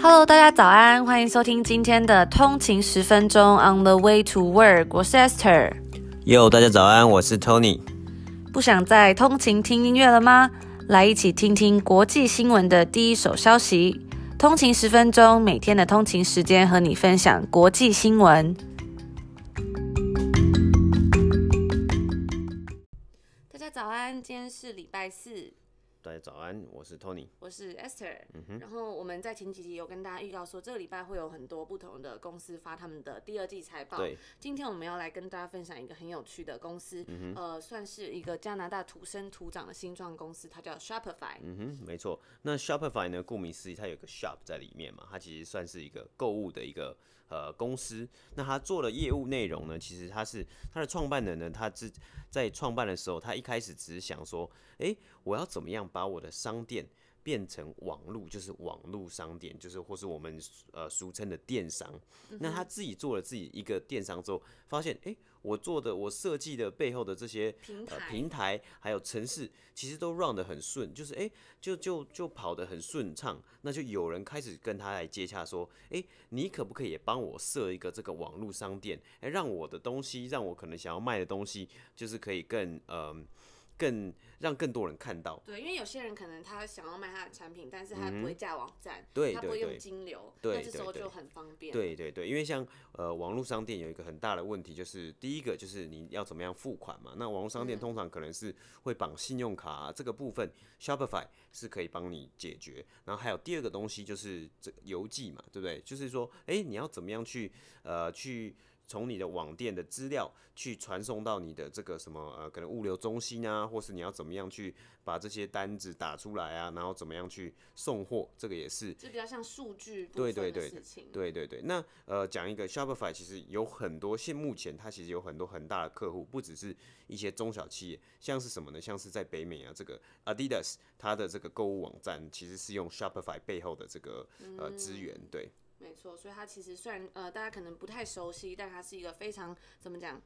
Hello，大家早安，歡迎收聽今天的通勤十分鐘 On the Way to Work，我是 Esther。Yo，大家早安，我是 Tony。不想再通勤聽音樂了嗎？來一起聽聽國際新聞的第一手消息。通勤十分鐘，每天的通勤時間和你分享國際新聞。大家早安，今天是禮拜四。大家早安，我是 Tony，我是 Esther、嗯哼。然後我們在前幾集有跟大家預告說，這個禮拜會有很多不同的公司發他們的第二季財報。對，今天我們要來跟大家分享一個很有趣的公司，嗯、呃，算是一個加拿大土生土長的新創公司，它叫 Shopify。嗯哼，沒錯。那 Shopify 呢？顧名思義，它有個 Shop 在裡面嘛，它其實算是一個購物的一個。呃，公司，那他做的業務內容呢？其實他是他的創辦人呢，他自在創辦的時候，他一開始只是想說，哎、欸，我要怎麼樣把我的商店變成網絡，就是網絡商店，就是或是我們呃俗稱的電商，嗯。那他自己做了自己一個電商之後，發現哎、欸，我做的我設計的背後的這些平台、呃、平台，還有程式，其實都 run 的很順，就是哎、欸，就就就跑的很順暢。那就有人開始跟他來接洽說，哎、欸，你可不可以也幫我設一個這個網絡商店？哎、欸，讓我的東西，讓我可能想要賣的東西，就是可以更嗯。呃更讓更多人看到。對，因為有些人可能他想要賣他的產品，但是他不會架網站、嗯對對對，他不會用金流，那這時候就很方便。對對對，因為像呃網絡商店有一個很大的問題，就是第一個就是你要怎麼樣付款嘛？那網絡商店通常可能是會綁信用卡、啊嗯、這個部分，Shopify 是可以幫你解決。然後還有第二個東西就是這郵寄嘛，對不對？就是說，哎、欸，你要怎麼樣去呃去。從你的網店的資料去傳送到你的這個什麼呃，可能物流中心啊，或是你要怎麼樣去把這些單子打出來啊，然後怎麼樣去送貨，這個也是。就比較像數據對對對事情，對對對。對對對，那呃，講一個 Shopify，其實有很多，現目前它其實有很多很大的客戶，不只是一些中小企業，像是什麼呢？像是在北美啊，這個 Adidas 它的這個購物網站其實是用 Shopify 背後的這個呃資源對。沒錯，所以它其實雖然呃，大家可能不太熟悉，但它是一個非常怎麼講？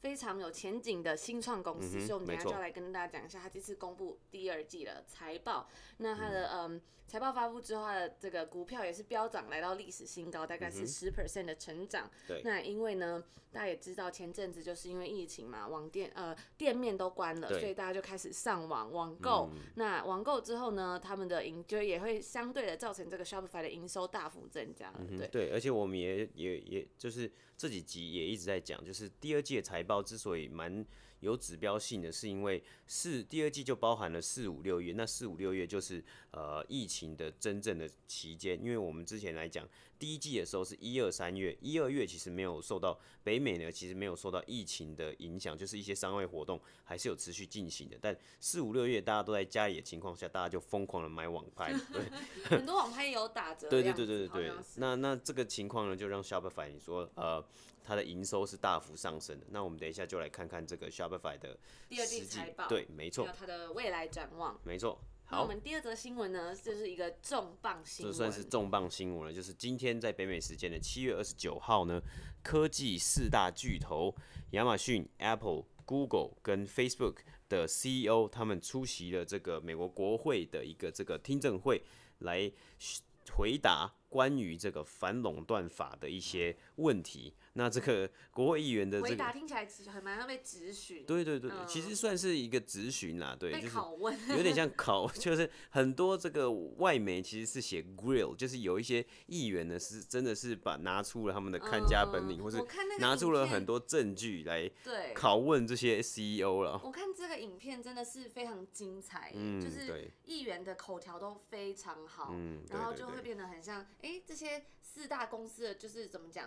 非常有前景的新創公司，嗯，所以我們等下就要來跟大家講一下他這次公布第二季的財報，嗯。那他的嗯，um, 財報發布之後，他的這個股票也是飆漲，來到歷史新高，嗯，大概是十 percent 的成長。對，嗯，那因為呢，大家也知道，前陣子就是因為疫情嘛，網店呃店面都關了，所以大家就開始上網網購，嗯。那網購之後呢，他們的營就也會相對的造成這個 Shopify 的營收大幅增加了。嗯，對，而且我們也也也就是。這幾集也一直在講，就是第二季的財報之所以蠻有指標性的，是因為四第二季就包含了四五六月，那四五六月就是呃疫情的真正的期間，因為我們之前來講。第一季的時候是一二三月，一二月其實沒有受到北美呢，其實沒有受到疫情的影響，就是一些商業活動還是有持續進行的。但四五六月大家都在家裡的情況下，大家就瘋狂的買網拍， 很多網拍有打折，對對對對對對、對。那那這個情況呢，就讓 Shopify 你說呃，它的營收是大幅上升的。那我們等一下就來看看這個 Shopify 的第二季財報對，沒錯，它的未來展望，沒錯。好，我們第二則新聞呢，就是一個重磅新聞，這算是重磅新聞了。就是今天在北美時間的七月二十九號呢，科技四大巨頭亞馬遜、Apple、Google 跟 Facebook 的 CEO 他們出席了這個美國國會的一個這個聽證會，來回答關於這個反壟斷法的一些問題。那這個國會議員的這個回答聽起來很蠻像被質詢，對對對，其實算是一個質詢啦，對，被拷問，有點像拷，就是很多這個外媒其實是寫 grill，就是有一些議員呢是真的是把拿出了他們的看家本領，或是拿出了很多證據來拷問這些 CEO 了。我看這個影片真的是非常精彩，就是議員的口條都非常好，然後就會變得很像，哎，這些四大公司的就是怎麼講？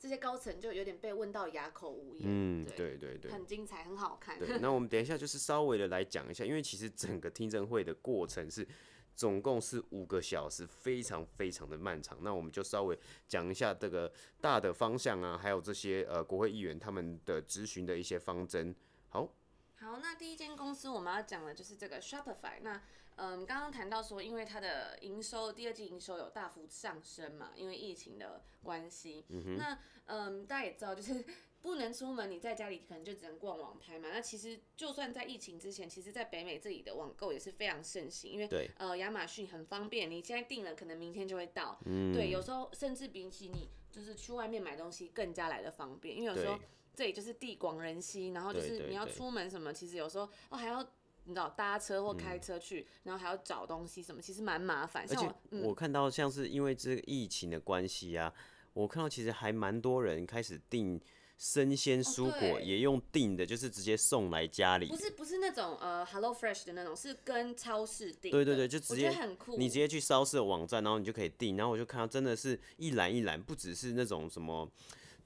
這些高層就有點被問到啞口無言。嗯對，對對對，很精彩，很好看。對， 那我們等一下就是稍微的來講一下，因為其實整個聽證會的過程是總共是五個小時，非常非常的漫長。那我們就稍微講一下這個大的方向啊，還有這些呃國會議員他們的質詢的一些方針。好，好，那第一間公司我們要講的就是這個 Shopify。那嗯，剛剛談到說，因為它的營收第二季營收有大幅上升嘛，因為疫情的關係，嗯。那嗯，大家也知道，就是不能出門，你在家裡可能就只能逛網拍嘛。那其實就算在疫情之前，其實，在北美這裡的網購也是非常盛行，因為對呃亞馬遜很方便，你現在訂了，可能明天就會到，嗯。對，有時候甚至比起你就是去外面買東西更加來的方便，因為有時候這裡就是地廣人稀，然後就是你要出門什麼，對對對，其實有時候哦還要。你知道搭車或開車去，然後還要找東西什麼，嗯、其實蠻麻煩，而且我看到像是因為這個疫情的關係啊、嗯，我看到其實還蠻多人開始訂生鮮蔬果，也用訂的，就是直接送來家裡，哦，不是不是那種呃 Hello Fresh 的那種，是跟超市訂。對對對，就直接很酷。你直接去超市的網站，然後你就可以訂。然後我就看到真的是一欄一欄，不只是那種什麼。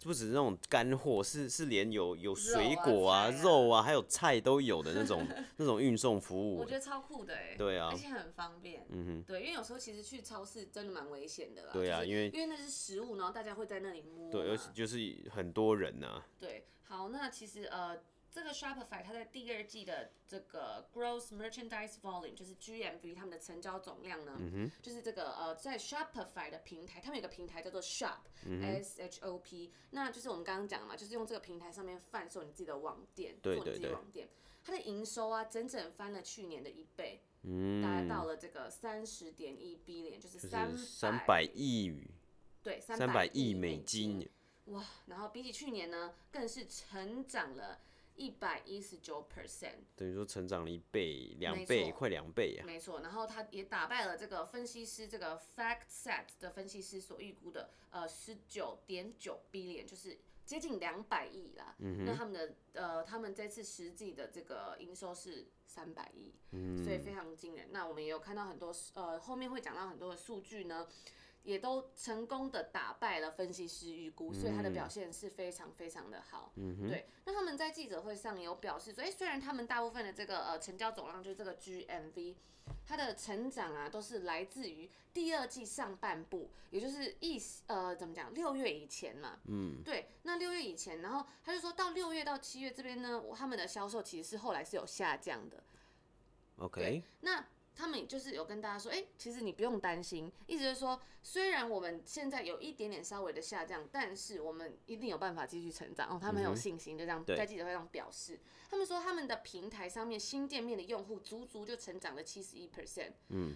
不只是那種乾貨，是是連有有水果啊、啊、啊、肉啊，還有菜都有的那種 那種運送服務。我覺得超酷的哎！對啊，而且很方便。嗯哼。對，因為有時候其實去超市真的蠻危險的啦。對啊，就是、因為因為那是食物，然後大家會在那裡摸。對，而且就是很多人吶、啊。對，好，那其實呃。這個 Shopify 它在第二季的這個 Gross Merchandise Volume，就是 GMV，它們的成交總量呢，嗯、就是這個呃，在 Shopify 的平台，它們有個平台叫做 Shop，S、嗯、H O P，那就是我們剛剛講的嘛，就是用這個平台上面販售你自己的網店，對對對，做你自己的網店，它的營收啊，整整翻了去年的一倍，嗯、達到了這個三十點一 billion，就是三三百億，對，三百億美金，美金，哇，然後比起去年呢，更是成長了。一百一十九 percent，等於說成長了一倍、兩倍、快兩倍啊！沒錯，然後他也打敗了這個分析師，這個 FactSet 的分析師所預估的，呃，十九點九 billion，就是接近兩百億啦。嗯哼，那他們的呃，他們這次實際的這個營收是三百億，嗯，所以非常驚人。那我們也有看到很多呃，後面會講到很多的數據呢。也都成功的打敗了分析師預估，所以他的表現是非常非常的好。Mm -hmm. 對，那他們在記者會上有表示說，以、欸、雖然他們大部分的這個呃成交總量就是這個 GMV，它的成長啊都是來自於第二季上半部，也就是一呃怎麼講，六月以前嘛。嗯、mm -hmm.。對，那六月以前，然後他就說到六月到七月這邊呢，他們的銷售其實是後來是有下降的。OK。那。他們就是有跟大家說，哎、欸，其實你不用擔心，意思就是說，雖然我們現在有一點點稍微的下降，但是我們一定有辦法繼續成長。哦，他們很有信心，就這樣在記者會上表示。Mm -hmm. 他們說，他們的平台上面新店面的用戶足足就成長了七十一 percent，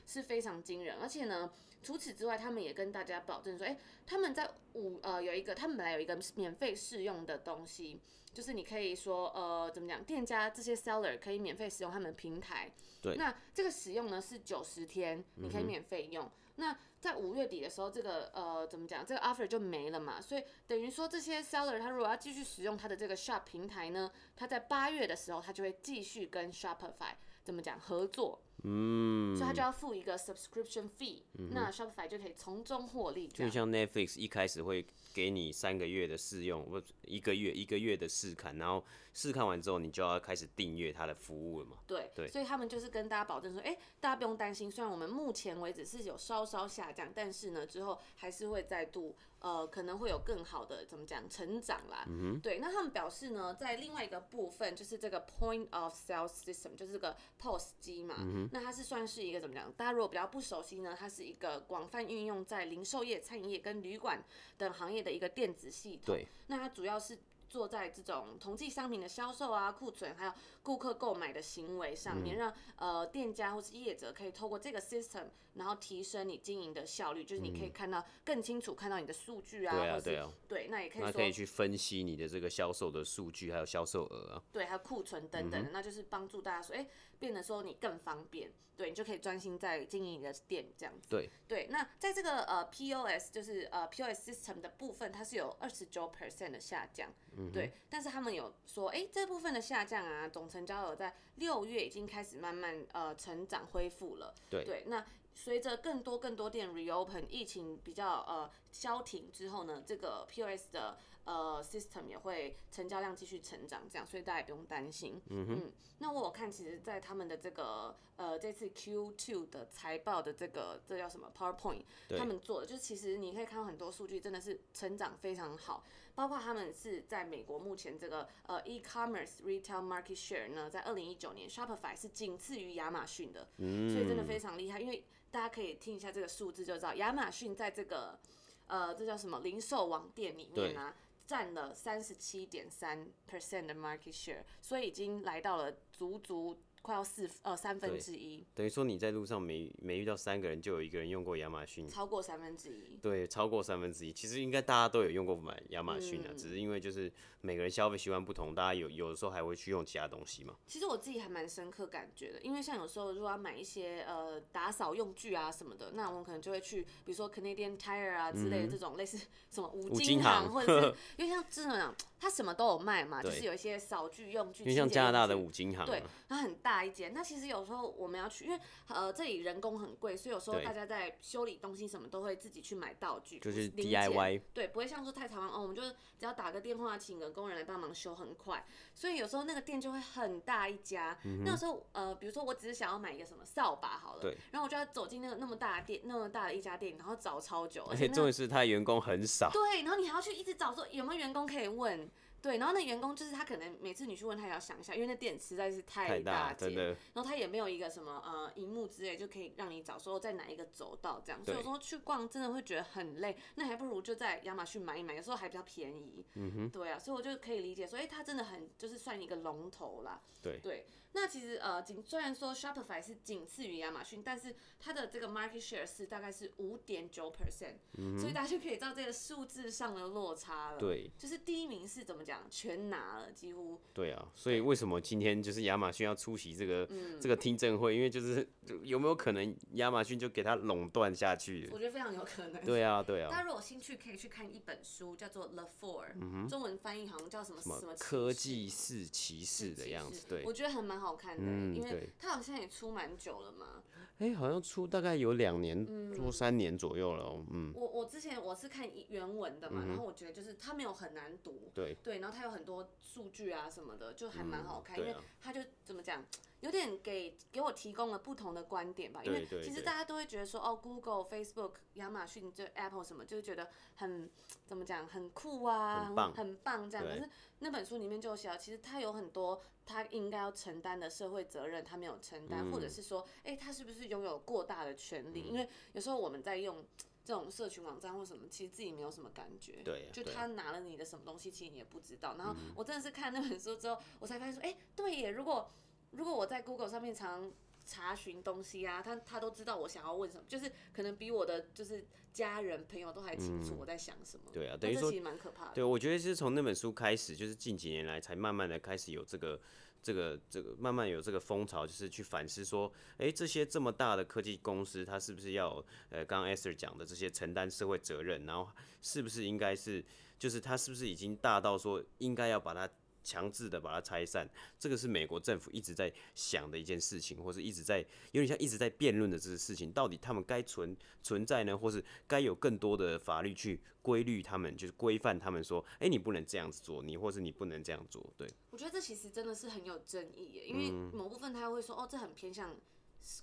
是非常驚人。而且呢。除此之外，他們也跟大家保證說，誒、欸，他們在五呃有一個，他們本來有一個免費試用的東西，就是你可以說呃怎麼講，店家這些 seller 可以免費使用他們平台。對。那這個使用呢是九十天，你可以免費用，嗯。那在五月底的時候，這個呃怎麼講，這個 offer 就沒了嘛。所以等於說這些 seller 他如果要繼續使用他的這個 shop 平台呢，他在八月的時候他就會繼續跟 Shopify 怎麼講合作。嗯，所以他就要付一個 subscription fee，嗯哼，那 Shopify 就可以從中獲利。就像 Netflix 一開始會給你三個月的試用，或，一個月一個月的試看，然後試看完之後，你就要開始訂閱他的服務了嘛。對對，所以他們就是跟大家保證說，哎、欸，大家不用擔心，雖然我們目前為止是有稍稍下降，但是呢之後還是會再度。呃，可能會有更好的怎麼講成長啦、嗯。對，那他們表示呢，在另外一個部分就是這個 point of sale system，就是這個 POS 機嘛、嗯。那它是算是一個怎麼講？大家如果比較不熟悉呢，它是一個廣泛運用在零售業、餐飲業跟旅館等行業的一個電子系統。對，那它主要是做在這種統計商品的銷售啊、庫存還有，顧客購買的行為上面，讓呃店家或是業者可以透過這個 system，然後提升你經營的效率，就是你可以看到更清楚，看到你的數據啊，嗯、對啊對啊，那也可以說，那可以去分析你的這個銷售的數據，還有銷售額啊，對，還有庫存等等的，嗯，那就是幫助大家說，哎、欸，變得說你更方便，對你就可以專心在經營你的店這樣子，對對。那在這個呃 POS，就是呃 POS system 的部分，它是有二十九 percent 的下降，嗯，對，但是他們有說，哎、欸，這部分的下降啊，總成。成交額在六月已經開始慢慢呃成長恢復了，對，對，那隨着更多更多店 reopen，疫情比較呃消停之後呢，這個 POS 的呃 system 也會成交量繼續成長，這樣，所以大家也不用擔心。嗯嗯，那我看其實，在他們的這個呃這次 Q2 的財報的這個這叫什麼 PowerPoint，他們做的就是其實你可以看到很多數據，真的是成長非常好。包括他們是在美國目前這個呃 e-commerce retail market share 呢，在二零一九年 Shopify 是僅次於亞馬遜的。嗯，所以真的非常厲害。因為大家可以聽一下這個數字就知道，亞馬遜在這個呃這叫什麼零售網店裡面呢，啊，占了三十七點三 percent 的 market share，所以已經來到了足足。快要四分，呃三分之一，等於說你在路上每每遇到三個人就有一個人用過亞馬遜，超過三分之一，對，超過三分之一。其實應該大家都有用過買亞馬遜啊，嗯，只是因為就是每個人消費習慣不同，大家有有的時候還會去用其他東西嘛。其實我自己還蠻深刻的感覺的，因為像有時候如果要買一些呃打掃用具啊什麼的，那我們可能就會去，比如說 Canadian Tire 啊之類的這種，嗯，類似什麼五金行，五金行，呵呵，或者是，因為像這種。就是它什麼都有賣嘛，就是有一些掃具用具。因為像加拿大的五金行，對，它很大一間。那其實有時候我們要去，因為呃這裡人工很貴，所以有時候大家在修理東西什麼都會自己去買道具，就是 DIY，對，不會像說太台灣哦，我們就是只要打個電話請個工人來幫忙修很快。所以有時候那個店就會很大一家。嗯、那個時候呃，比如說我只是想要買一個什麼掃把好了，對，然後我就要走進那個那麼大的店，那麼大的一家店，然後找超久。而且重點是他員工很少。對，然後你還要去一直找說有沒有員工可以問。對，然後那員工就是他可能每次你去問他也要想一下，因為那店實在是太大，太大，真的。然後他也沒有一個什麼呃熒幕之類就可以讓你找說在哪一個走道這樣，所以我說去逛真的會覺得很累，那還不如就在亞馬遜買一買，有時候還比較便宜。嗯哼。對啊，所以我就可以理解說，哎、欸，他真的很就是算一個龍頭啦。對對。那其實呃僅雖然說 Shopify 是僅次於亞馬遜，但是它的這個 market share 是大概是五點九 percent，所以大家就可以知道這個數字上的落差了。對。就是第一名是怎麼。全拿了，幾乎。對啊，所以為什麼今天就是亞馬遜要出席這個、嗯、這個聽證會？因為就是有沒有可能亞馬遜就給他壟斷下去？我覺得非常有可能。對啊，對啊。大家如果有興趣，可以去看一本書，叫做《The Four》，嗯，中文翻譯好像叫什麼什麼，什麼科技式歧視的樣子。對，我覺得還蠻好看的、嗯，因為它好像也出蠻久了嘛。哎、欸，好像出大概有兩年多、嗯、三年左右了哦。嗯，我我之前我是看原文的嘛、嗯，然後我覺得就是它沒有很難讀，對對，然後它有很多數據啊什麼的，就還蠻好看、嗯啊，因為它就怎麼講。有點給給我提供了不同的觀點吧，因為其實大家都會覺得說，哦，Google、Facebook、亞馬遜、這 Apple 什麼，就是覺得很怎麼講，很酷啊，很棒，很棒這樣。可是那本書裡面就寫到，其實他有很多他應該要承擔的社會責任，他沒有承擔、嗯，或者是說，哎、欸，他是不是擁有過大的權利、嗯？因為有時候我們在用這種社群網站或什麼，其實自己沒有什麼感覺。對、啊對，就他拿了你的什麼東西，其實你也不知道。然後我真的是看那本書之後，我才發現說，哎、欸，對耶，如果如果我在 Google 上面常，常查詢東西啊，他他都知道我想要問什麼，就是可能比我的就是家人朋友都還清楚我在想什麼。嗯、對啊，等於說其實蠻可怕的。對，我覺得是從那本書開始，就是近幾年來才慢慢的開始有這個這個這個慢慢有這個風潮，就是去反思說，哎、欸，這些這麼大的科技公司，它是不是要呃，剛剛 Aster 講的這些承擔社會責任，然後是不是應該是就是它是不是已經大到說應該要把它。強制的把它拆散，這個是美國政府一直在想的一件事情，或者是一直在有點像一直在辯論的這個事情，到底他們該存存在呢，或是該有更多的法律去規律他們，就是規範他們，說，哎、欸，你不能這樣子做，你或是你不能這樣做。對。我覺得這其實真的是很有爭議耶，因為某部分他會說，哦，這很偏向。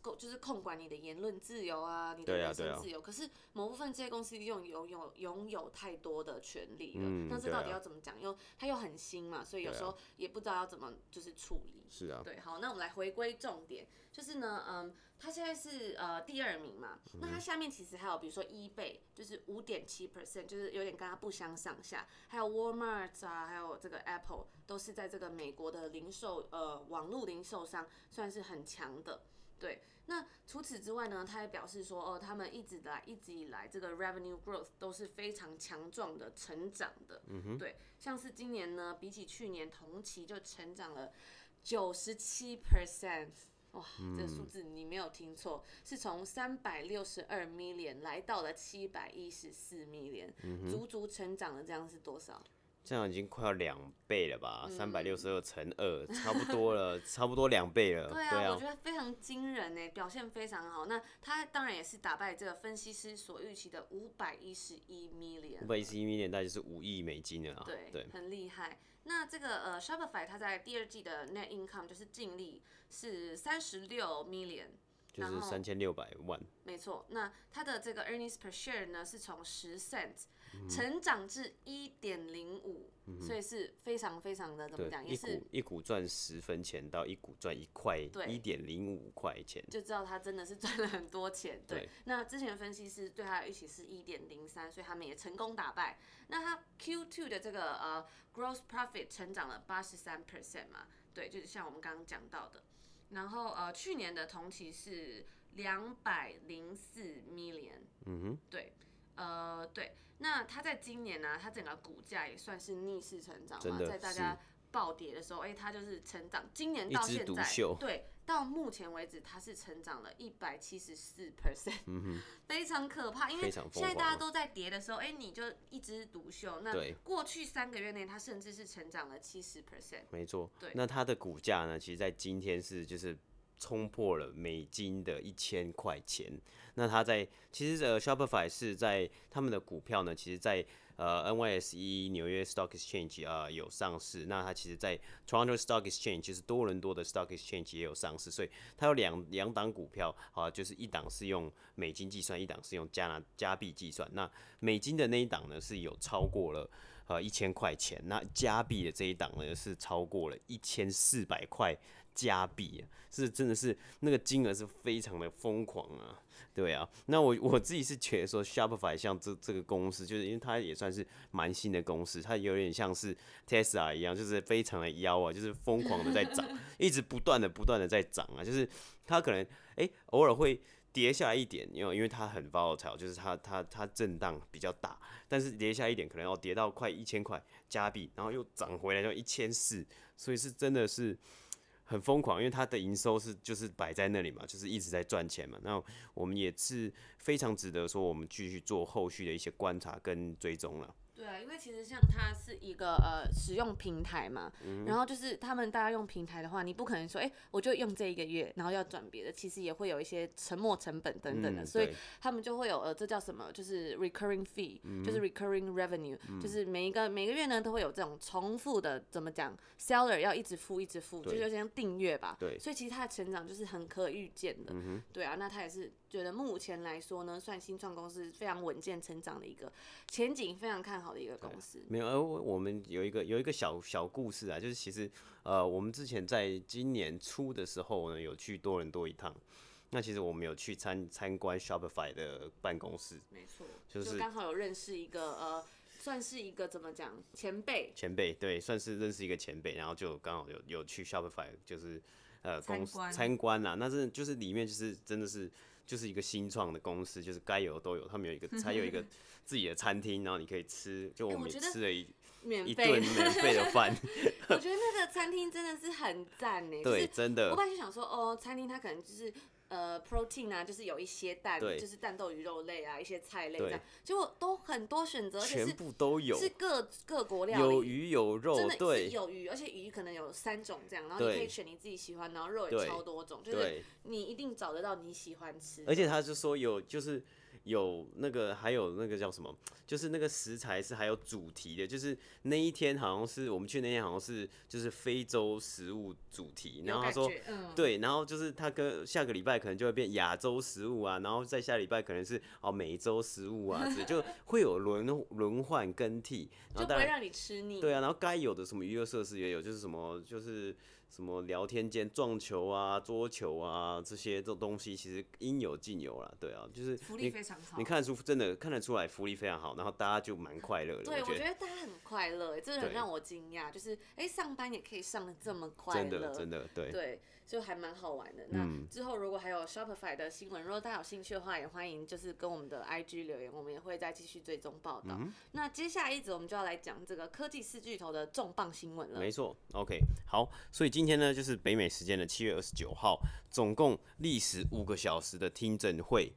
控就是控管你的言論自由啊，你的人身自由、啊啊。可是某部分這些公司用擁有，有，有擁有太多的權利了。但、嗯、是到底要怎麼講？因為他又很新嘛，所以有時候也不知道要怎麼就是處理。是啊。對，好，那我們來回歸重點，就是呢，嗯，他現在是呃第二名嘛。那它下面其實還有，比如說 eBay，就是五點七 percent，就是有點跟他不相上下。還有 Walmart 啊，還有這個 Apple，都是在這個美國的零售呃網絡零售商算是很強的。對，那除此之外呢，他也表示說，哦，他們一直來一直以來這個 revenue growth 都是非常強壯的成長的。嗯、mm -hmm. 對，像是今年呢，比起去年同期就成長了九十七 percent，哇，mm -hmm. 這個數字你沒有聽錯，是從三百六十二 million 來到了七百一十四 million，mm -hmm. 足足成長了這樣是多少？這樣已經快要兩倍了吧？三百六十二乘二，2, 差不多了， 差不多兩倍了對、啊。對啊，我覺得非常驚人呢、欸，表現非常好。那它當然也是打敗這個分析師所預期的五百一十一 million。五百一十一 million，那就是五億美金了、啊。對對，很厲害。那這個呃 Shopify，它在第二季的 net income 就是淨利是三十六 million，就是三千六百萬。沒錯，那它的這個 earnings per share 呢，是從十 cent。成長至一點零五，所以是非常非常的怎麼講？一股一股賺十分錢到一股賺一塊，一點零五塊錢，就知道他真的是賺了很多錢對。對，那之前分析師對他的預期是一點零三，所以他們也成功打敗。那他 Q2 的這個呃 gross profit 成長了八十三 percent 嘛，對，就是像我們剛剛講到的。然後呃，去年的同期是兩百零四 million，嗯哼，對，呃，對。那它在今年呢、啊，它整個股價也算是逆勢成長。真的。在大家暴跌的時候，哎，它、欸、就是成長。今年到現在，對，到目前為止，它是成長了一百七十四 percent，非常可怕，因為現在大家都在跌的時候，哎、欸，你就一枝獨秀。對。那過去三個月內，它甚至是成長了七十 percent。沒錯。對。那它的股價呢？其實，在今天是就是。衝破了美金的一千塊錢。那它在其實呃，Shopify 是在他們的股票呢，其實在呃 NYSE 紐約 Stock Exchange 啊、呃、有上市。那它其實在 Toronto Stock Exchange，其實多倫多的 Stock Exchange 也有上市。所以它有兩兩檔股票啊、呃，就是一檔是用美金計算，一檔是用加拿加幣計算。那美金的那一檔呢，是有超過了呃一千塊錢。那加幣的這一檔呢，是超過了一千四百塊。加幣啊，是真的是那個金額是非常的瘋狂啊，對啊，那我我自己是覺得說 Shopify 像這這個公司，就是因為它也算是蠻新的公司，它有點像是 Tesla 一樣，就是非常的妖啊，就是瘋狂的在漲， 一直不斷的不斷的在漲啊，就是它可能，欸，偶爾會跌下來一點，因為因為它很 volatile，就是它它它震盪比較大，但是跌下來一點可能要跌到快一千塊加幣，然後又漲回來就一千四，所以是真的是。很瘋狂，因為它的營收是就是擺在那裡嘛，就是一直在賺錢嘛。那我們也是非常值得說，我們繼續做後續的一些觀察跟追蹤了。對啊，因為其實像它是一個呃使用平台嘛、嗯，然後就是他們大家用平台的話，你不可能說哎我就用這一個月，然後要轉別的，其實也會有一些沉沒成本等等的，嗯、所以他們就會有呃這叫什麼就是 recurring fee，、嗯、就是 recurring revenue，、嗯、就是每一個每個月呢都會有這種重複的怎麼講，seller 要一直付一直付，就就像訂閱吧，對，所以其實他的成長就是很可預見的，嗯、對啊，那他也是覺得目前來說呢，算是新創公司非常穩健成長的一個前景非常看好。好的一個公司，沒有。而我們有一個有一個小小故事啊，就是其實呃，我們之前在今年初的時候呢，有去多倫多一趟。那其實我們有去參參觀 Shopify 的辦公室，沒錯，就是剛好有認識一個呃，算是一個怎麼講前輩。前輩對，算是認識一個前輩，然後就剛好有有去 Shopify，就是。呃，公司參觀吶、啊，那是就是裡面就是真的是就是一個新創的公司，就是該有的都有，他們有一個，還有一個自己的餐廳，然後你可以吃，就我們每吃了一、欸、一頓免費的飯。 我覺得那個餐廳真的是很讚呢、欸。對，真的。我本來就想說，哦，餐廳它可能就是。呃，protein 啊，就是有一些蛋，就是蛋豆魚肉類啊，一些菜類這樣，結果都很多選擇，而且是，全部都有，是各各國料理，有魚有肉，真的是有魚，而且魚可能有三種這樣，然後你可以選你自己喜歡，然後肉也超多種，對，就是你一定找得到你喜歡吃的，而且他就說有就是。有那個，還有那個叫什麼？就是那個食材是還有主題的，就是那一天好像是我們去那天好像是就是非洲食物主題，然後他說對，然後就是他跟下個禮拜可能就會變亞洲食物啊，然後再下禮拜可能是哦美洲食物啊，就會有輪輪換更替，然後會讓你吃膩。對啊，然後該有的什麼娛樂設施也有，就是什麼就是。什麼聊天間撞球啊、桌球啊這些這東西其實應有盡有啦，對啊，就是福利非常好，你看得出，真的看得出來福利非常好，然後大家就蠻快樂的。對我，我覺得大家很快樂。欸，真的很讓我驚訝，就是哎、欸，上班也可以上得這麼快樂，真的真的對，對，就還蠻好玩的、嗯。那之後如果還有 Shopify 的新聞，如果大家有興趣的話，也歡迎就是跟我們的 IG 留言，我們也會再繼續追蹤報道、嗯。那接下來一節我們就要來講這個科技四巨頭的重磅新聞了。沒錯，OK，好，所以今天今天呢，就是北美時間的七月二十九號，總共歷時五個小時的聽證會。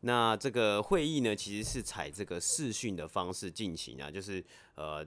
那這個會議呢，其實是採這個視訊的方式進行啊，就是呃，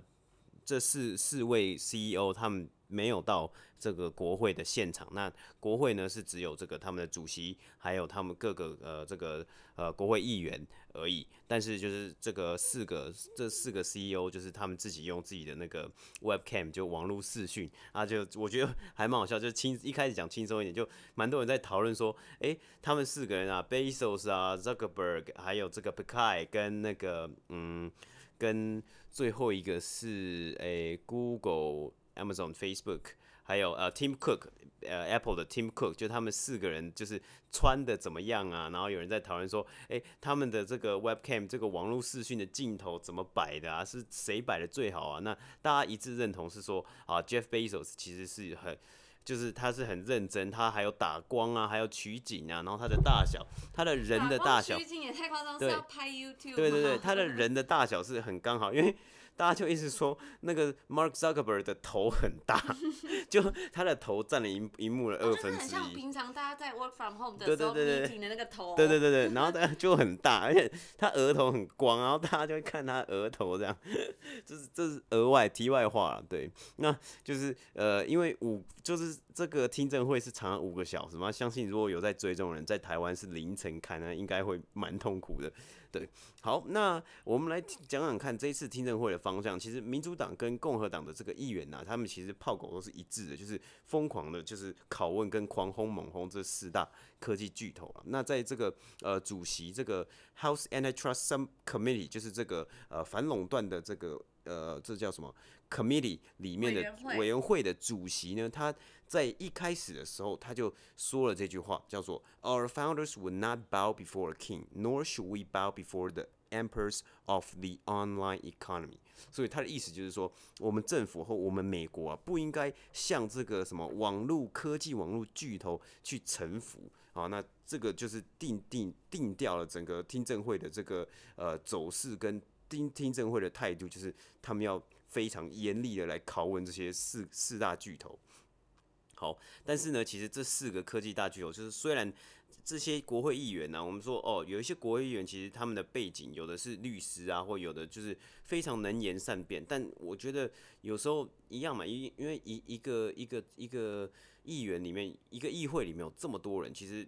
這四四位 CEO 他們。沒有到這個國會的現場，那國會呢是只有這個他們的主席，還有他們各個呃這個呃國會議員而已。但是就是這個四個這四個 CEO，就是他們自己用自己的那個 Webcam 就網絡視訊啊，就我覺得還蠻好笑，就輕一開始講輕鬆一點，就蠻多人在討論說，哎，他們四個人啊，Bezos 啊，Zuckerberg，還有這個 Pichai 跟那個嗯。跟最後一個是誒、欸、Google、Amazon、Facebook，還有呃，Tim Cook，呃，Apple 的 Tim Cook，就他們四個人，就是穿的怎麼樣啊？然後有人在討論說，誒、欸，他們的這個 Webcam，這個網絡視訊的鏡頭怎麼擺的啊？是誰擺的最好啊？那大家一致認同是說啊，Jeff Bezos 其實是很。就是他是很認真，他還有打光啊，還有取景啊，然後他的大小，他的人的大小，打光取景也太誇張，對，是要拍 YouTube 嗎？對對對，他的人的大小是很剛好，因為。大家就一直說那個 Mark Zuckerberg 的頭很大， 就他的頭占了一螢幕的二分之一、哦。就是、很像平常大家在 work from home 的時候對對對對的頭。對對對對，然後大家就很大，而且他額頭很光，然後大家就會看他額頭這樣。這、就是這、就是額外題外話了。對，那就是呃，因為五就是這個聽證會是長了五個小時嘛，相信如果有在追蹤的人在台灣是凌晨看呢，應該會蠻痛苦的。對，好，那我們來講講看這一次聽證會的方向。其實，民主黨跟共和黨的這個議員呢、啊，他們其實炮口都是一致的，就是瘋狂的，就是拷問跟狂轟猛轟這四大科技巨頭啊。那在這個呃，主席這個 House Antitrust Subcommittee，就是這個呃，反壟斷的這個。呃，這叫什麼？committee 裡面的委員會的主席呢？他在一開始的時候，他就說了這句話，叫做 “Our founders would not bow before a king, nor should we bow before the emperors of the online economy。”所以他的意思就是說，我們政府和我們美國啊，不應該向這個什麼網絡科技、網絡巨頭去臣服啊。好，那這個就是定定定調了整個聽證會的這個呃走勢跟。聽聽證會的態度就是，他們要非常嚴厲的來拷問這些四四大巨頭。好，但是呢，其實這四個科技大巨頭，就是雖然這些國會議員呢、啊，我們說哦，有一些國會議員其實他們的背景有的是律師啊，或有的就是非常能言善辯，但我覺得有時候一樣嘛，因因為一一個一個一個議員裡面，一個議會裡面有這麼多人，其實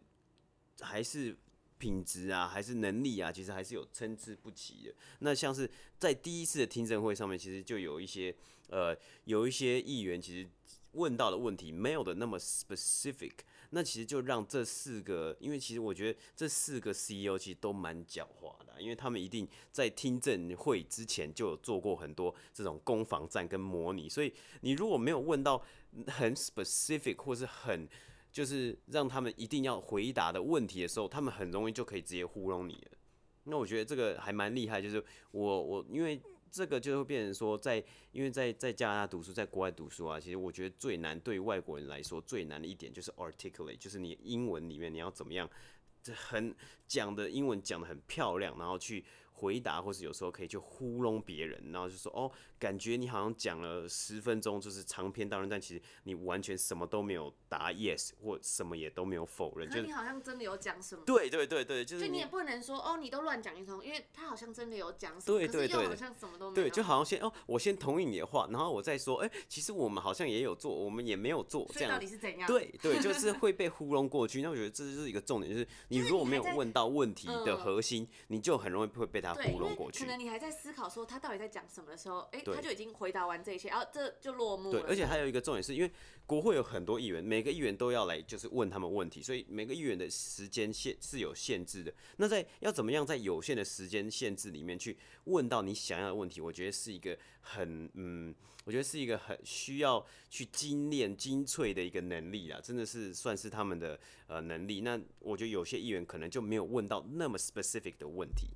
還是。品質啊，還是能力啊，其實還是有參差不齊的。那像是在第一次的聽證會上面，其實就有一些呃，有一些議員其實問到的問題沒有的那麼 specific。那其實就讓這四個，因為其實我覺得這四個 CEO 其實都蠻狡猾的，因為他們一定在聽證會之前就有做過很多這種攻防戰跟模擬。所以你如果沒有問到很 specific 或是很就是讓他們一定要回答的問題的時候，他們很容易就可以直接糊弄你。那我覺得這個還蠻厲害。就是我我因為這個就會變成說在，在因為在在加拿大讀書，在國外讀書啊，其實我覺得最難對外國人來說最難的一點就是 articulate，就是你英文裡面你要怎麼樣，很講的英文講的很漂亮，然後去回答，或是有時候可以去糊弄別人，然後就說哦。感覺你好像講了十分鐘，就是長篇大論，但其實你完全什麼都沒有答 yes 或什麼也都沒有否認。就是你好像真的有講什麼？對對對對，就是、你就你也不能說哦，你都亂講一通，因為他好像真的有講什麼。對對對，可是又好像什麼都沒有。對，就好像先哦，我先同意你的話，然後我再說，哎、欸，其實我們好像也有做，我們也沒有做，這樣到底是怎樣？對對，就是會被糊弄過去。 那我覺得這就是一個重點，就是你如果沒有問到問題的核心，你，呃、你就很容易會被他糊弄過去。可能你還在思考說他到底在講什麼的時候，哎、欸。他就已經回答完這些，然後這就落幕了。對，而且還有一個重點是，因為國會有很多議員，每個議員都要來就是問他們問題，所以每個議員的時間限是有限制的。那在要怎麼樣在有限的時間限制裡面去問到你想要的問題，我覺得是一個很嗯，我覺得是一個很需要去精煉精粹的一個能力啊。真的是算是他們的呃能力。那我覺得有些議員可能就沒有問到那麼 specific 的問題。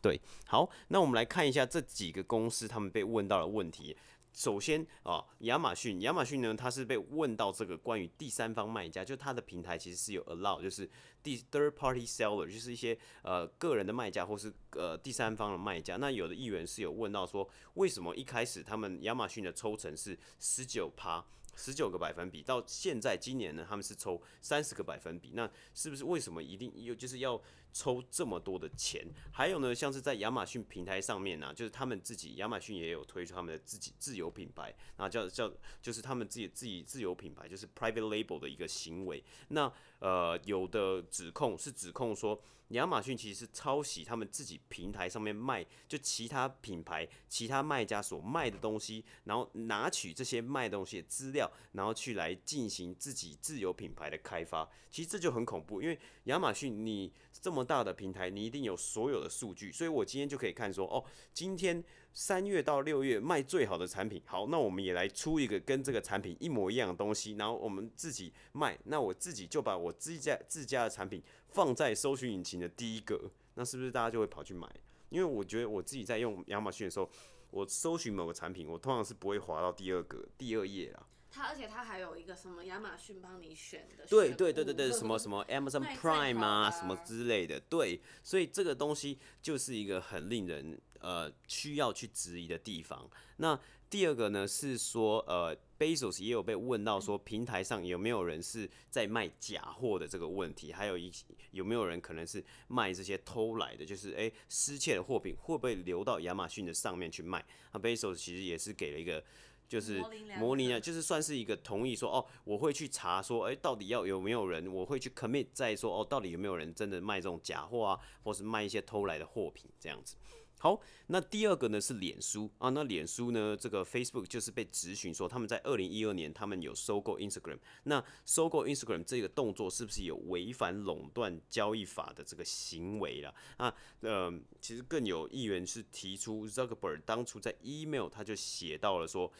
對，好，那我們來看一下這幾個公司，他們被問到的問題。首先啊，亞馬遜，亞馬遜呢，它是被問到這個關於第三方賣家，就它的平台其實是有 allow，就是第 third party seller，就是一些呃個人的賣家或是呃第三方的賣家。那有的議員是有問到說，為什麼一開始他們亞馬遜的抽成是十九趴？十九個百分比，到現在今年呢，他們是抽三十個百分比，那是不是為什麼一定有就是要抽這麼多的錢？還有呢，像是在亞馬遜平台上面呢、啊，就是他們自己，亞馬遜也有推出他們的自己自有品牌，啊叫叫就是他們自己自己自有品牌，就是 private label 的一個行為。那呃有的指控是指控說，亞馬遜其實是抄襲他們自己平台上面賣，就其他品牌、其他賣家所賣的東西，然後拿取這些賣東西的資料，然後去來進行自己自有品牌的開發。其實這就很恐怖，因為亞馬遜你這麼大的平台，你一定有所有的數據，所以我今天就可以看說，哦，今天三月到六月賣最好的產品，好，那我們也來出一個跟這個產品一模一樣的東西，然後我們自己賣，那我自己就把我自家自家的產品。放在搜尋引擎的第一個，那是不是大家就會跑去買？因為我覺得我自己在用亞馬遜的時候，我搜尋某個產品，我通常是不會滑到第二格、第二頁啊。它而且它還有一個什麼亞馬遜幫你選的選？對對對對對，什麼什麼 Amazon Prime 啊，啊，什麼之類的。對，所以這個東西就是一個很令人。呃，需要去質疑的地方。那第二個呢，是說，呃，Bezos 也有被問到說，平台上有沒有人是在賣假貨的這個問題？還有一有沒有人可能是賣這些偷來的，就是哎、欸、失竊的貨品會不會流到亞馬遜的上面去賣？啊，Bezos 其實也是給了一個，就是模擬啊，就是算是一個同意說，哦，我會去查說，哎、欸，到底要有沒有人，我會去 commit 再說，哦，到底有沒有人真的賣這種假貨啊，或是賣一些偷來的貨品這樣子。好，那第二個呢，是臉書啊，那臉書呢，這個 Facebook 就是被質詢說他們在二零一二年他們有收購 Instagram，那收購 Instagram 這個動作是不是有違反壟斷交易法的這個行為了？啊，呃，其實更有議員是提出 Zuckerberg 當初在 email 他就寫到了說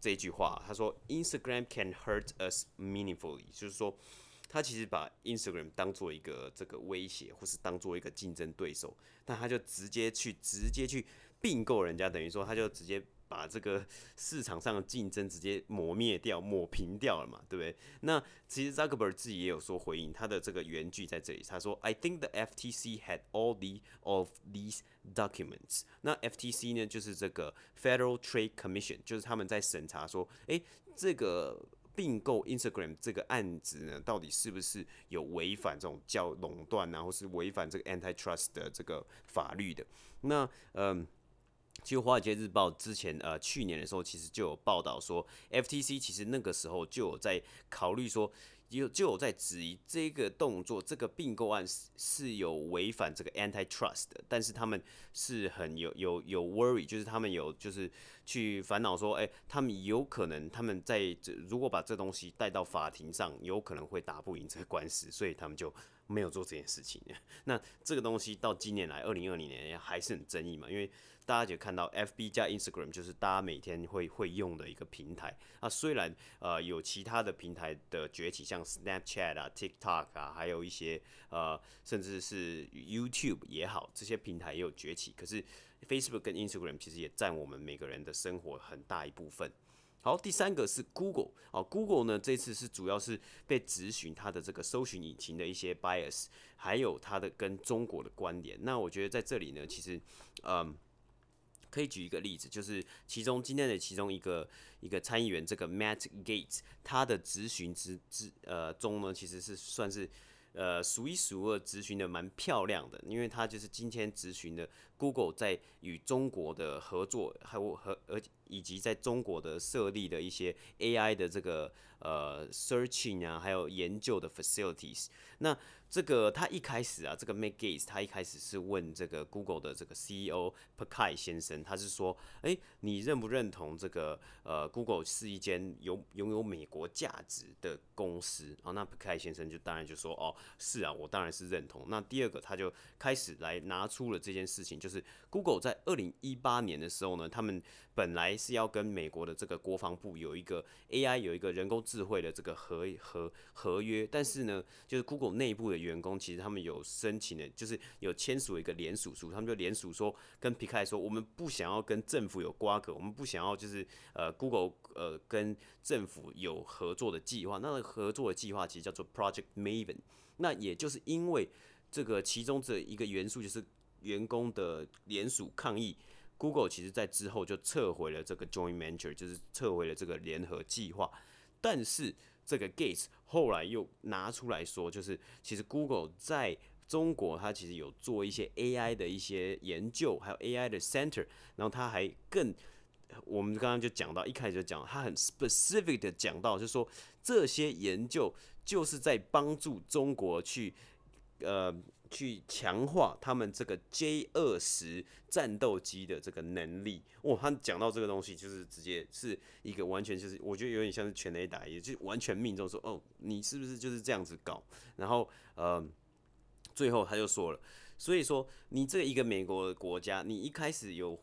這句話，他說 Instagram can hurt us meaningfully，就是說。他其實把 Instagram 當做一個這個威脅，或是當做一個競爭對手，那他就直接去直接去併購人家，等於說他就直接把這個市場上的競爭直接磨滅掉，抹平掉了嘛，對不對？那其實 Zuckerberg 自己也有說回應，他的這個原句在這裡，他說：“I think the FTC had all the of these documents。”那 FTC 呢，就是這個 Federal Trade Commission，就是他們在審查說，誒、欸、這個。併購 Instagram 這個案子呢，到底是不是有違反這種叫壟斷啊，或是違反這個 Antitrust 的這個法律的？那，嗯，其實《華爾街日報》之前呃去年的時候，其實就有報道說，FTC 其實那個時候就有在考慮說。有就有在質疑這個動作，這個併購案是是有違反這個 antitrust 的，但是他們是很有有有 worry，就是他們有就是去煩惱說，哎，他們有可能，他們在這如果把這東西帶到法庭上，有可能會打不贏這個官司，所以他們就。沒有做這件事情，那這個東西到今年來二零二零年還是很爭議嘛？因為大家就看到 F B 加 Instagram 就是大家每天會會用的一個平台那，啊、雖然呃有其他的平台的崛起，像 Snapchat 啊、TikTok 啊，還有一些呃甚至是 YouTube 也好，這些平台也有崛起，可是 Facebook 跟 Instagram 其實也佔我們每個人的生活很大一部分。好，第三個是 Google 啊，Google 呢這次是主要是被質詢它的這個搜尋引擎的一些 bias，還有它的跟中國的關聯。那我覺得在這裡呢，其實，嗯，可以舉一個例子，就是其中今天的其中一個一個參議員這個 Matt Gates，他的質詢之之呃中呢，其實是算是呃數一數二質詢的蠻漂亮的，因為他就是今天質詢的。Google 在與中國的合作，還有和而以及在中國的設立的一些 AI 的這個呃 searching 啊，還有研究的 facilities。那這個他一開始啊，這個 Matt Gaetz 他一開始是問這個 Google 的這個 CEO 佩凱先生，他是說，哎、欸，你認不認同這個呃 Google 是一間有擁有美國價值的公司？啊，那佩凱先生就當然就說，哦，是啊，我當然是認同。那第二個他就開始來拿出了這件事情就是 Google 在二零一八年的時候呢，他們本來是要跟美國的這個國防部有一個 AI 有一個人工智慧的這個合合合約，但是呢，就是 Google 內部的員工其實他們有申請的，就是有簽署一個聯署書，他們就聯署說跟皮卡說，我們不想要跟政府有瓜葛，我們不想要就是呃 Google 呃跟政府有合作的計劃。那個合作的計劃其實叫做 Project Maven。那也就是因為這個其中這一個元素就是。員工的聯署抗議，Google 其實在之後就撤回了這個 Joint Manager，就是撤回了這個聯合計劃。但是這個 Gates 後來又拿出來說，就是其實 Google 在中國，他其實有做一些 AI 的一些研究，還有 AI 的 Center。然後他還更，我們剛剛就講到，一開始就講，他很 specific 的講到，就是說這些研究就是在幫助中國去，呃。去強化他們這個 J 二十戰鬥機的這個能力哦，他講到這個東西就是直接是一個完全就是，我覺得有點像是全雷達，也就完全命中說哦，你是不是就是這樣子搞？然後嗯、呃，最後他就說了，所以說你這一個美國的國家，你一開始有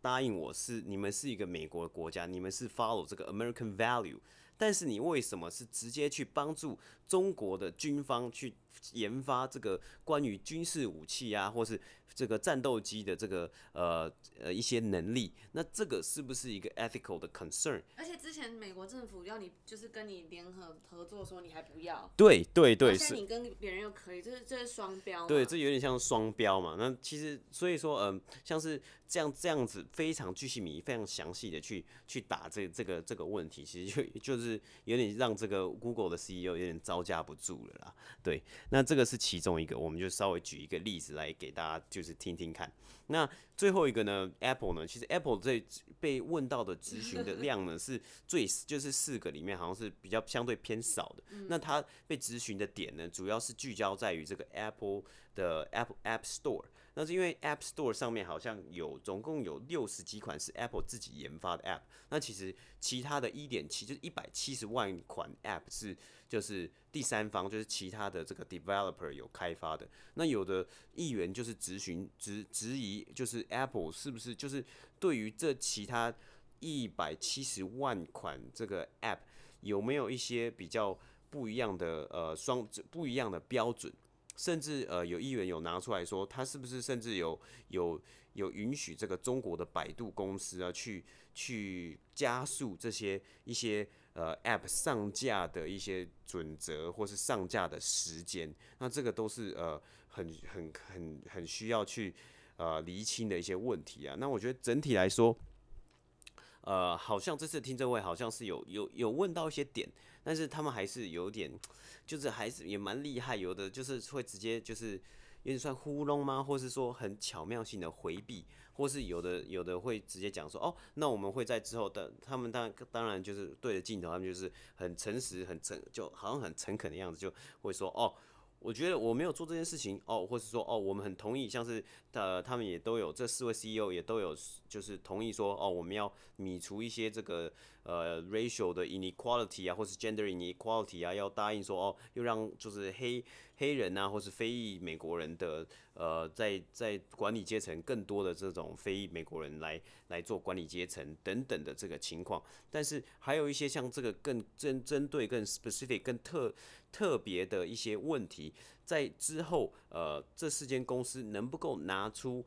答應我是你們是一個美國的國家，你們是 follow 這個 American value，但是你為什麼是直接去幫助？中國的軍方去研發這個關於軍事武器啊，或是這個戰鬥機的這個呃呃一些能力，那這個是不是一個 ethical 的 concern？而且之前美國政府要你就是跟你聯合合作的時候，你還不要？對對對，現在你跟別人又可以，這、就是這、就是雙標對，這有點像雙標嘛。那其實所以說，嗯、呃，像是這樣這樣子非常鉅細靡非常詳細的去去打這個、這個這個問題，其實就就是有點讓這個 Google 的 CEO 有點糟。招架不住了啦，對，那這個是其中一個，我們就稍微舉一個例子來給大家，就是聽聽看。那最後一個呢，Apple 呢，其實 Apple 這被問到的質詢的量呢，是最就是四個裡面好像是比較相對偏少的。那它被質詢的點呢，主要是聚焦在於這個 Apple 的 Apple App Store。那是因為 App Store 上面好像有總共有六十幾款是 Apple 自己研發的 App，那其實其他的一點七就是一百七十萬款 App 是就是第三方就是其他的這個 Developer 有開發的。那有的議員就是質詢、質質疑，就是 Apple 是不是就是對於這其他一百七十萬款這個 App 有沒有一些比較不一樣的呃雙不一樣的標準？甚至呃，有議員有拿出來說，他是不是甚至有有有允許這個中國的百度公司啊，去去加速這些一些呃 App 上架的一些準則或是上架的時間？那這個都是呃很很很很需要去呃釐清的一些問題啊。那我覺得整體來說，呃，好像這次聽證會好像是有有有問到一些點。但是他們還是有點，就是還是也蠻厲害，有的就是會直接就是，有點算糊弄嗎？或是說很巧妙性的回避，或是有的有的會直接講說哦，那我們會在之後的，他們當然當然就是對着鏡頭，他們就是很誠實，很誠就好像很誠懇的樣子，就會說哦，我覺得我沒有做這件事情哦，或是說哦，我們很同意，像是呃他們也都有這四位 CEO 也都有就是同意說哦，我們要免除一些這個。呃，racial 的 inequality 啊，或是 gender inequality 啊，要答應說哦，又讓就是黑黑人啊，或是非裔美國人的呃，在在管理階層更多的這種非裔美國人來來做管理階層等等的這個情況，但是還有一些像這個更針針對更 specific、更特特別的一些問題，在之後呃，這四間公司能不夠拿出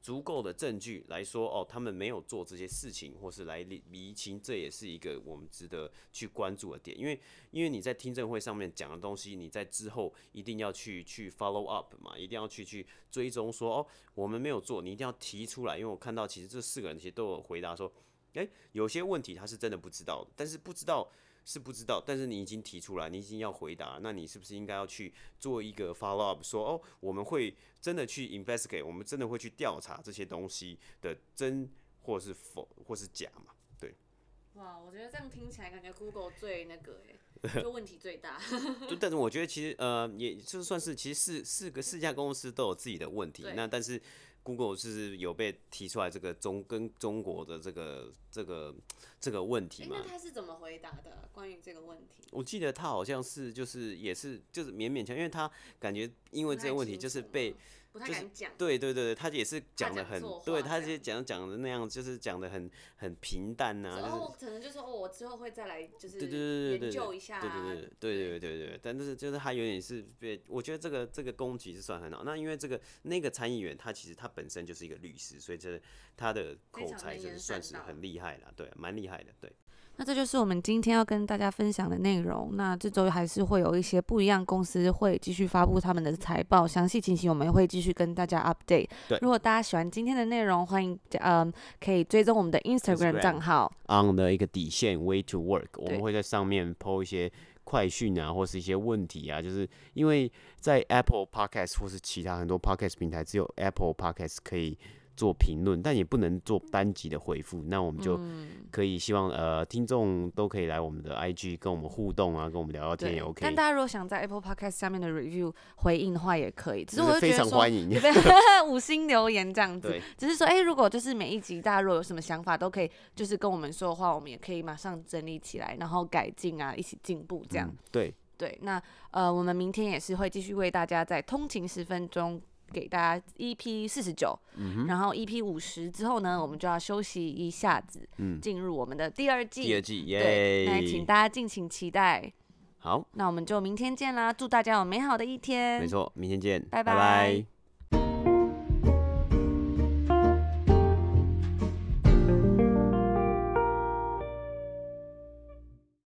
足夠的證據來說，哦，他們沒有做這些事情，或是來釐釐清，這也是一個我們值得去關注的點。因為，因為你在聽證會上面講的東西，你在之後一定要去去 follow up 嘛，一定要去去追蹤說，哦，我們沒有做，你一定要提出來。因為我看到其實這四個人其實都有回答說，誒、欸，有些問題他是真的不知道，但是不知道。是不知道，但是你已經提出來了，你已經要回答，那你是不是應該要去做一個 follow up，說哦，我們會真的去 investigate，我們真的會去調查這些東西的真或是否或是假嘛？對。哇，我覺得這樣聽起來感覺 Google 最那個、欸、 就問題最大。 就但是我覺得其實呃，也就算是其實四四個四家公司都有自己的問題，那但是 Google 是有被提出來這個中跟中國的這個這個。這個問題嘛、欸，那他是怎麼回答的？關於這個問題，我記得他好像是就是也是就是勉勉強，因為他感覺因為這個問題就是被不太,、就是、不太敢講，對對對對，他也是講的很，他對他直講講的那樣，就是講的很很平淡吶、啊。然、就是、後可能就是哦，我之後會再來就是對對對對對研究一下、啊，對對對對對對對對但是就是他有點是被，我覺得這個這個攻擊是算很好。那因為這個那個參議員他其實他本身就是一個律師，所以這他的口才就是算是很厲害了，對、啊，蠻厲。對，那這就是我們今天要跟大家分享的內容。那這週還是會有一些不一樣公司會繼續發佈他們的財報，詳細情形我們也會繼續跟大家 update。對，如果大家喜歡今天的內容，歡迎嗯、呃、可以追蹤我們的 Instagram 賬號 on 的一個底線 way to work。我們會在上面拋一些快訊啊，或是一些問題啊。就是因為在 Apple Podcast 或是其他很多 Podcast 平台，只有 Apple Podcast 可以。做評論，但也不能做單集的回復、嗯。那我們就可以希望，呃，聽眾都可以來我們的 IG 跟我們互動啊，跟我們聊聊天也 OK。但大家如果想在 Apple Podcast 下面的 Review 回應的話，也可以。只是我就、就是、非常歡迎 五星留言這樣子。只是說，哎、欸，如果就是每一集大家如果有什麼想法，都可以就是跟我們說的話，我們也可以馬上整理起來，然後改進啊，一起進步這樣。嗯、對對，那呃，我們明天也是會繼續為大家在通勤十分鐘。給大家 EP49，然後 EP50 之後呢，我們就要休息一下子，進、嗯、入我們的第二季。第二季，對，耶，那請大家敬請期待。好，那我們就明天見啦！祝大家有美好的一天。沒錯，明天見，拜拜。拜拜。